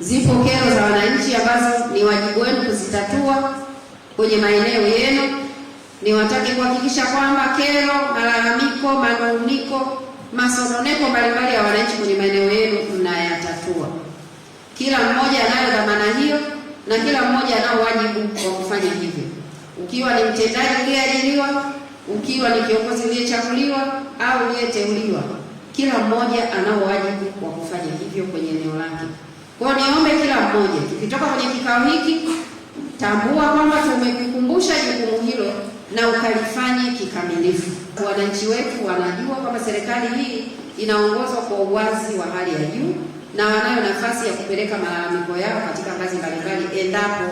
Zipo kero za wananchi ambazo ni wajibu wenu kuzitatua kwenye maeneo yenu. Niwatake kuhakikisha kwamba kero, malalamiko, manunguniko, masononeko mbalimbali ya wananchi kwenye maeneo yenu mnayatatua. Kila mmoja anayo dhamana hiyo na kila mmoja anao wajibu wa kufanya hivyo, ukiwa ni mtendaji uliyeajiriwa, ukiwa ni kiongozi uliyechaguliwa au uliyeteuliwa, kila mmoja anao wajibu wa kufanya hivyo kwenye eneo lake. Kwa niombe kila mmoja, tukitoka kwenye kikao hiki, tambua kwamba tumekukumbusha jukumu hilo na ukalifanye kikamilifu. Wananchi wetu wanajua kwamba serikali hii inaongozwa kwa uwazi wa hali ya juu na wanayo nafasi ya kupeleka malalamiko yao katika ngazi mbalimbali, endapo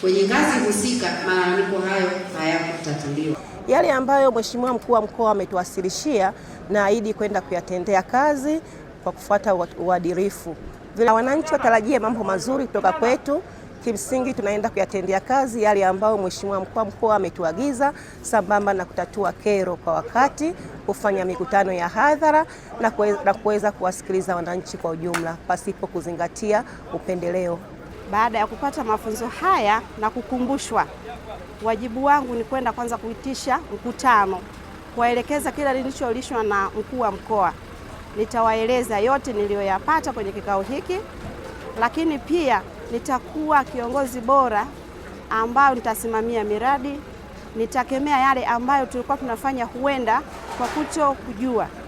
kwenye ngazi husika malalamiko hayo hayakutatuliwa. Yale ambayo Mheshimiwa Mkuu wa Mkoa ametuwasilishia, naahidi kwenda kuyatendea kazi kwa kufuata uadilifu. Vile wananchi watarajie mambo mazuri kutoka kwetu. Kimsingi tunaenda kuyatendea kazi yale ambayo Mheshimiwa mkuu wa mkoa ametuagiza, sambamba na kutatua kero kwa wakati, kufanya mikutano ya hadhara na kuweza kuwasikiliza wananchi kwa ujumla pasipo kuzingatia upendeleo. Baada ya kupata mafunzo haya na kukumbushwa, wajibu wangu ni kwenda kwanza kuitisha mkutano, kuwaelekeza kila nilichoulishwa na mkuu wa mkoa nitawaeleza yote niliyoyapata kwenye kikao hiki, lakini pia nitakuwa kiongozi bora ambayo nitasimamia miradi, nitakemea yale ambayo tulikuwa tunafanya huenda kwa kuto kujua.